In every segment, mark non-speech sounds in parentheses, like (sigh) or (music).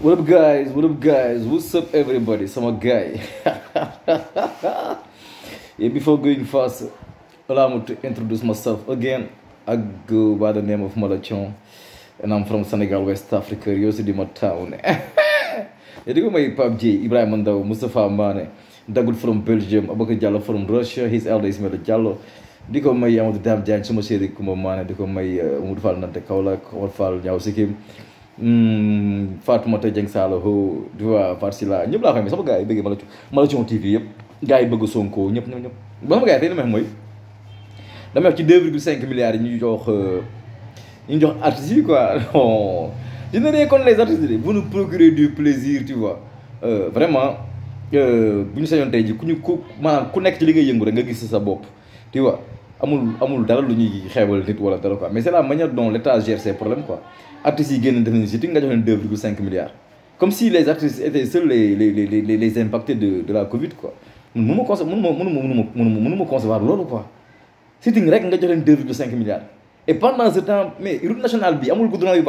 What up, guys? What up, guys? What's up, everybody? Some guy. (laughs) yeah, before going fast, allow me to introduce myself again. I go by the name of Malachon, and I'm from Senegal, West Africa, my town. (laughs) yeah, go my PUBG, Ibrahim Mandao, Mustafa Mane, Dagud from Belgium, Abaka jalo from Russia, his elder is Mela jalo. di ko may Amadou Dame Diagne suma séeri kuma maane di ko may uh, Oumar Fall Nante Kaolack Omar Fall Niaw Sikkim Hmm, Fatoumata Dieng Sall Salo oh, tu vois par la là ñëpp laa xam ne sama gars yi bëggee Malathion Malathion TV yëpp gars bëgg Sonko ñëpp ñëpp ñëpp ba sama gars yi tey dama wax mooy dama wax ci 2,5 milliards yi ñu jox euh, ñu jox artistes yi quoi (laughs) non je ne réconne les artistes yi vous nous procurer du plaisir tu vois euh vraiment euh buñu sañon tay ji ku ñu ku manam ku nekk ci li ngay yëngu rek nga gis sa bop tu vois amul amul dara lu ñuy xébal nit wala dara quoi mais c'est la manière dont l'État gère ses problèmes quoi artistes yi milliards comme si les artistes étaient seuls les les les impactés de la Covid quoi ne concevoir quoi milliards. et pendant ce temps mais route nationale bi amul fait.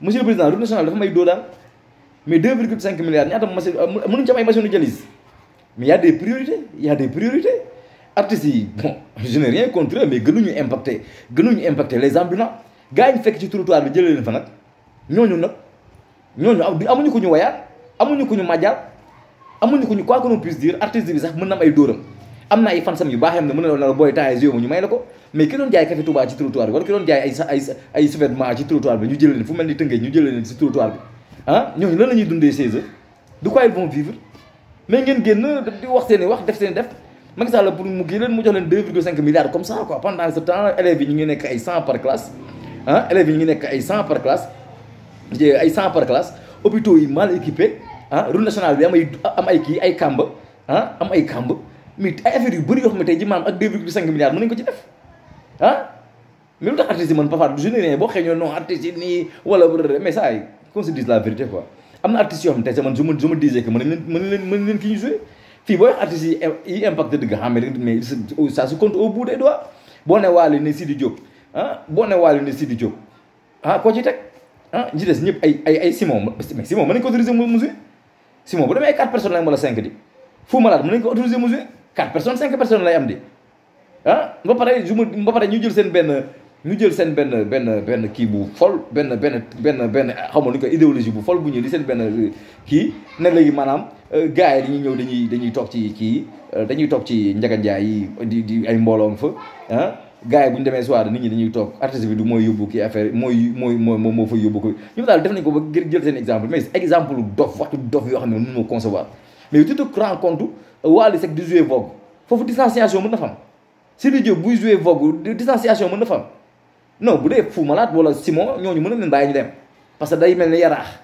monsieur le président route nationale dafa may fait. mais 2,5 milliards euh, y a des priorités y a des priorités (laughs) je n'ai rien contre mais les ambulants. gaa yi ñu fekk ci trottoir bi jëlee leen fa nag ñooñu nag ñooñu amuñu ko ñu wayaat amuñu ko ñu màjjaal amuñu ko ñu quoi que l'on puisse dire artiste bi sax ñu may la ko mais ki doon jaay café Touba ci trottoir bi wala ki doon jaay ay ay ay sous ci trottoir bi ñu jëlee leen fu mel ni tëngee ñu jëlee leen ci trottoir bi ah ñooñu lan la dundee 16 heures de quoi ils vont vivre mais ngeen génn di wax seen i wax def seen def Macky Sall pour mu kii mu jox leen 2,5 milliards ah élèves yi ñu par classe ay par classe hôpitaux yi mal équipés ah route nationale bi am ay am ay ay hein? am ay mais ay affaire yu bari yo ji 2,5 milliards ils ko ci def ah. mais tax artistes man je ne rien non artiste ni, mais ça qu'on se dise la vérité quoi amna des artistes xam je me disais que mën leen mën leen ñu artistes yi impact de ah, mais ça se compte au bout des doigts bo né walé né Sidi ah boo ne Wally ne Sidi Diop ah koo ci teg ah ñi des ñëpp ay ay ay Simon mais Simon mën nañu ko autoriser mu musée Simon bu demee ay 4 personnes lay am wala 5 di Fou Malade mën nañu ko autoriser musée 4 personnes 5 personnes lay am di ah ba pare jël seen benn ñu jël seen benn benn benn kii bu fol benn benn benn benn xamoon ni ko idéologie bu fol bu ñëw di seen benn euh, kii ne léegi maanaam euh, gars yi dañuy ñëw dañuy dañuy toog ci kii euh, dañuy toog ci njaganjaay yi di di ay mbooloom fa ah gars yi bu ñu demee soir nit ñi dañuy toog artiste bi du mooy yóbbu kii affaire mooy mooy moo fa yóbbu ko ñoom daal def nañ ko ba ngir jël seen exemple mais exemple dof waxtu dof yoo xam ne mënu ma concevoir mais tu te rends compte Wally di jouer Vogue na fa am bu dee Fou Malade Simon ñooñu mën na leen bàyyi ñu dem parce que day mel ni yaraax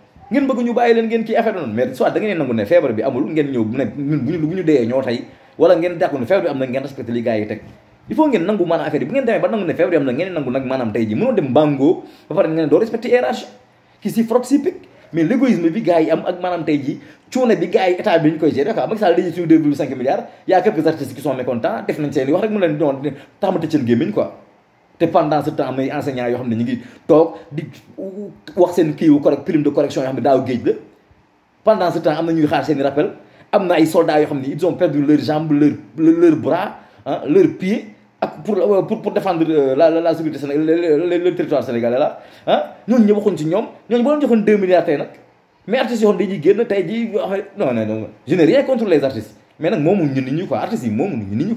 ngeen bëgg ñu bàyyi leen ngeen kii affaire noonu mais soit da ngeen nangu ne feebar bi amul ngeen ñëw ne ñun bu ñu bu ñu ñoo tey wala ngeen dàkku ne feebar bi am na ngeen respecté li gars yi teg ki si frotte si pic mais l'égoïsme bi gars yi am ak maanaam tey ji cuune bi gars yi état bi ñu koy gérer quoi Macky Sall dañuy suñu deux virgule cinq milliards y a quelques artistes qui sont mécontents def nañ seen wax rek mu leen ñoon taxamate ceen gémmiñ quoi te pendant ce temps am na enseignants yoo xam ne ñu ngi toog di wax seen kii correct prime de correction yoo xam ne daaw géej la pendant ce am na ñuy xaar seen i rappel am na ay soldats yoo xam ne ils ont perdu leur jambe leur bras leur pied ak pour pour euh, la sécurité sénégalaise le la ñooñu ñu waxuñ ci ñoom ñooñu boo doon joxoon deux milliards tey nag mais artistes yoo ñu nit ñu nit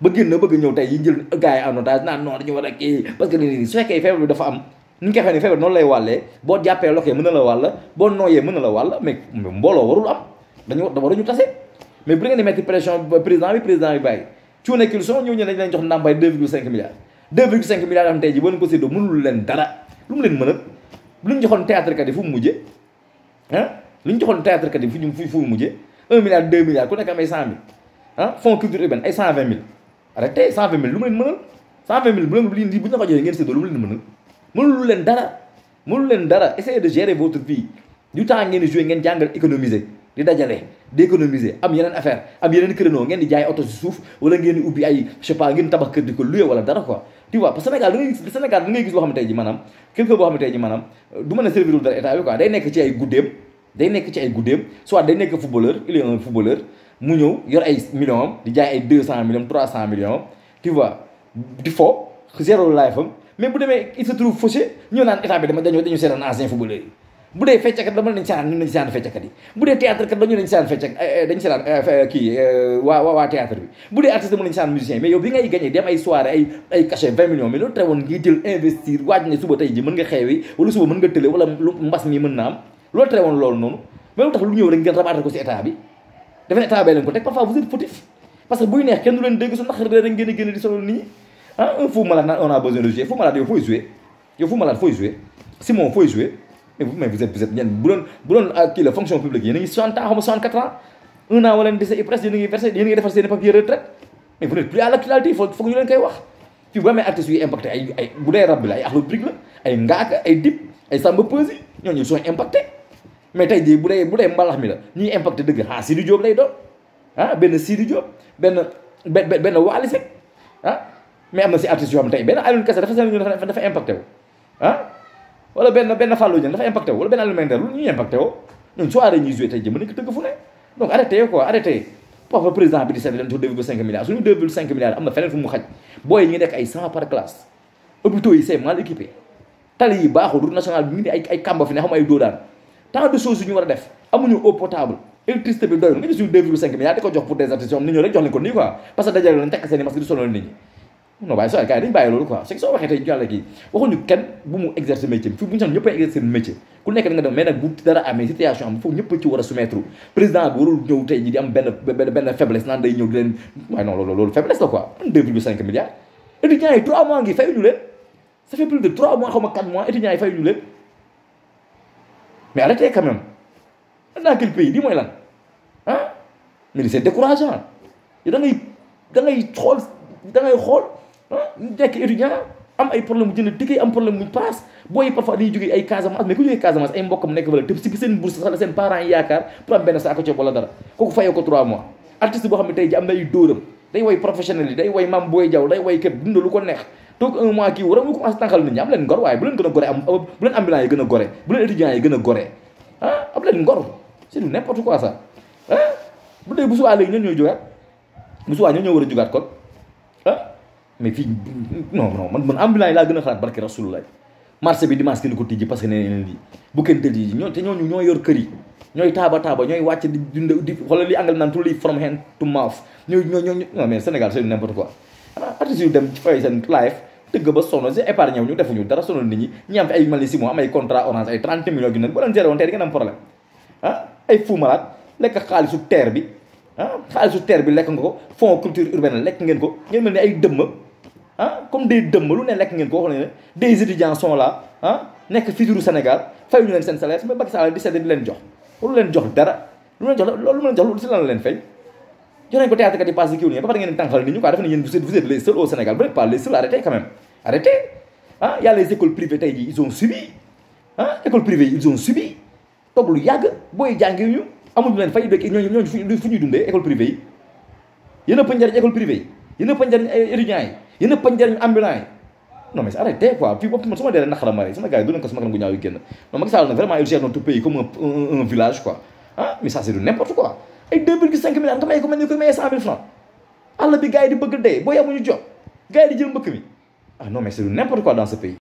ba génn bëgg ñëw tey yi jël gars yi en otage naan non dañu war a kii parce que lii su fekkee feebar bi dafa am ni ñu koy xam ne feebar noonu lay wàllee boo jàppee loxee mën na la wàll boo nooyee mën na la wàll mais mbooloo warul am dañu waruñu tase mais bu ngeen di mettre pression président bi président bi bàyyi cuune kilson ñëw ñu ne dañ jox ndàmpaay 2,5 milliards 2,5 milliards yoo xam tey ah milliards ku nekk am ay 100 mille ah arrêté cent vingt mille lu mu leen mënal cent vingt mille bu leen lii bu ñu lu mu leen mënal mënul leen dara mënul leen dara essayez de gérer votre vie du temps ngeen di joué ngeen jàngal économiser di dajale di économiser am yeneen affaire am yeneen créneau ngeen di jaay oto si suuf wala ngeen di ubbi ay je sais pas tabax kër di ko loué wala dara quoi tu vois parce Sénégal da ngay gis loo xam ne tey ji maanaam quelque boo xam ne tey ji maanaam du mën a servir dara état bi quoi day nekk ci ay guddeem day nekk ci ay guddeem soit mu ñëw yor ay millions am di jaay ay deux cent millions trois cent millions am tu vois di fo zéro life am mais bu demee il se trouve fauché ñëw naan état bi dama dañoo dañu seetaan ancien footballeur yi bu dee feccakat dama dañ seetaan ñun dañ seetaan feccakat yi bu dee théâtre kat eh, eh, dañu dañ seetaan eh, fecca dañ seetaan kii waa waa waa théâtre bi bu dee artiste dama dañ seetaan musicien mais yow bi ngay gagné dem ay soirée ay ay cachet vingt millions mais loolu tere woon ngay jël investir waaj ne suba tey ji mën nga xeewi wala suba mën nga tële wala lu mbas mi mën na am loolu tere woon loolu noonu mais lu tax lu ñëw rek ngeen rabattre ko si état bi defe état bay leen ko teg parfois vous êtes fautif parce que buy neex kenn du leen dégg su naqar da ngeen a di solo nit ñi ah un fou malade on a besoin de jouer fou malade yow fooy jouer yow fou malade fooy jouer Simon fooy jouer mais mais vous êtes vous êtes bien bu doon bu doon ah, kii la fonction publique yéen a ngi 60 ans xaw 64 ans un an wala dese IPRES yéen a ngi versé yéen a ngi defar seen papier retraite mais vous êtes plus à il l'actualité faut que ñu leen koy wax fii bu amee artistes yu impacté ay ay bu dee rab bi la ay Akhlou Brick la ay Ngaaka ay Dip ay Samba Peuzzi ñu sont impacté mais tey jii bu dee bu dee mbalax mi la ñuy impacté dëgg ah Sidi Diop lay doon ah benn Sidi Diop benn benn benn Waly Seck ah mais am na si artistes yoo xam ne tey benn Alioune Kassé dafa seen dafa dafa impacté wu ah wala benn benn Fallou Dieng dafa impacté wu wala benn Alioune Mender lu ñuy impacté woo ñun soirée ñuy joué tey jii mën nañ ko tëgg bi di seet leen 2,5 na feneen fu mu xaj nekk ay 100 par classe hôpitaux yi c'est mal équipé tali yi baaxul route nationale bi ngi ne ay ay kamba fi ne xam tant de choses yu ñu war a def amuñu eau potable électricité bi doyul nga gis ñu 2,5 milliards di ko jox pour des artistes yoom ni ñoo rek jox leen ko nii quoi parce que dajale lañ tekk seen i masque di sonal nit ñi non waaye soo gars yi dañu bàyyi loolu quoi c'est que soo waxee tey yàlla kii waxuñu kenn bu mu exercer métier bi fii bu ñu sax ñëpp a exercer métier ku nekk da nga dem mais nag bu dara amee situation am foofu ñëpp a ci war a soumettre président bi warul ñëw tey ji di am benn benn faiblesse naan day ñëw di leen waaye non loolu loolu faiblesse la quoi 2,5 milliards étudiants yi 3 mois ngi fayuñu leen ça fait plus de 3 mois xaw ma 4 mois étudiants yi fayuñu leen mais arrêtez quand même dans quel pays lii mooy lan ah mais c'est décourageant yow da ngay da ngay xool da ngay xool nekk étudiant am ay problème bu jënd ticket am problème muñ paas booy parfois dañuy jógee ay Casamance mais ku jógee Casamance ay mbokkam nekk wala tëb si seen bourse sax la seen parents yi yaakaar pour am benn saako ceeb wala dara kooku fayoo ko 3 mois artiste boo xam ne tey ji am na ay dóoram day way professionnel yi day way Mame Boye Diaw day way képp dund lu ko neex toog un mois kii war a mu commencé tànqal nit ñi am leen ngor waaye bu leen gën a gore am bu leen ambulant yi gën a gore bu leen étudiants yi gën a gore am ah, leen ngor c'est du n'importe quoi ça ah bu dee bu subaa léegi ñoo ñooy jógaat bu war a jógaat kon ah mais fii non non man man ambulant yi laa gën a xalaat barke rasulullah marché bi dimanche kenn ko tijji parce que nee nañ bu kenn tëjee ñoo te ñooñu ñoo yor kër yi ñooy taaba taaba ñooy wàcc di dund di xoolal li angal naan tout artistes yu dem fay seen live dëgg ba sonn si épargne ñu defuñu dara sonal nit ñi ñi am fi ay Malick Simon am ay contrat orange ay 30 millions yu ne boo leen géré woon tey di ngeen am problème ah ay Fou Malade lekk xaalisu terre bi ah xaalisu terre bi lekk nga ko fond culture urbaine lekk ngeen ko ngeen mel ni ay dëmm ah comme des dëmm lu ne lekk ngeen ko wax ne des étudiants sont là ah nekk futur Sénégal fayuñu leen seen salaire mais Macky Sall di sedd di leen jox waru leen jox dara lu leen jox loolu lu leen jox loolu si lan la leen fay jox nañ ko théâtre kat yi passe kiiwul ngeen ba pare ngeen tànqal nit ñu quoi dafa ne yéen vous êtes vous êtes les seuls au Sénégal vous n'êtes pas les seuls arrêtez quand même arrêtez ah y a les écoles privées tey ji ils ont subi ah école privée ils ont subi toog lu yàgg booy jàngi ñu amuñu leen fay dëkk ñooñu ñooñu fu ñuy dundee école privée yi yéen a pañ njariñ école privée yi yéen a pañ njariñ étudiants yi yéen a pañ njariñ ambulant yi non su ma deelee naqara mari sama gars yi du leen ko sama kanam gu ñaaw yu génn non Macky Sall nag ay 2,5 milliards nga may ko mel ni ko mayee 100 000 francs àll bi gars yi di bëgg dee boo yamuñu jot gars yi di jël mbëkk mi ah non mais c'est n'importe quoi dans ce pays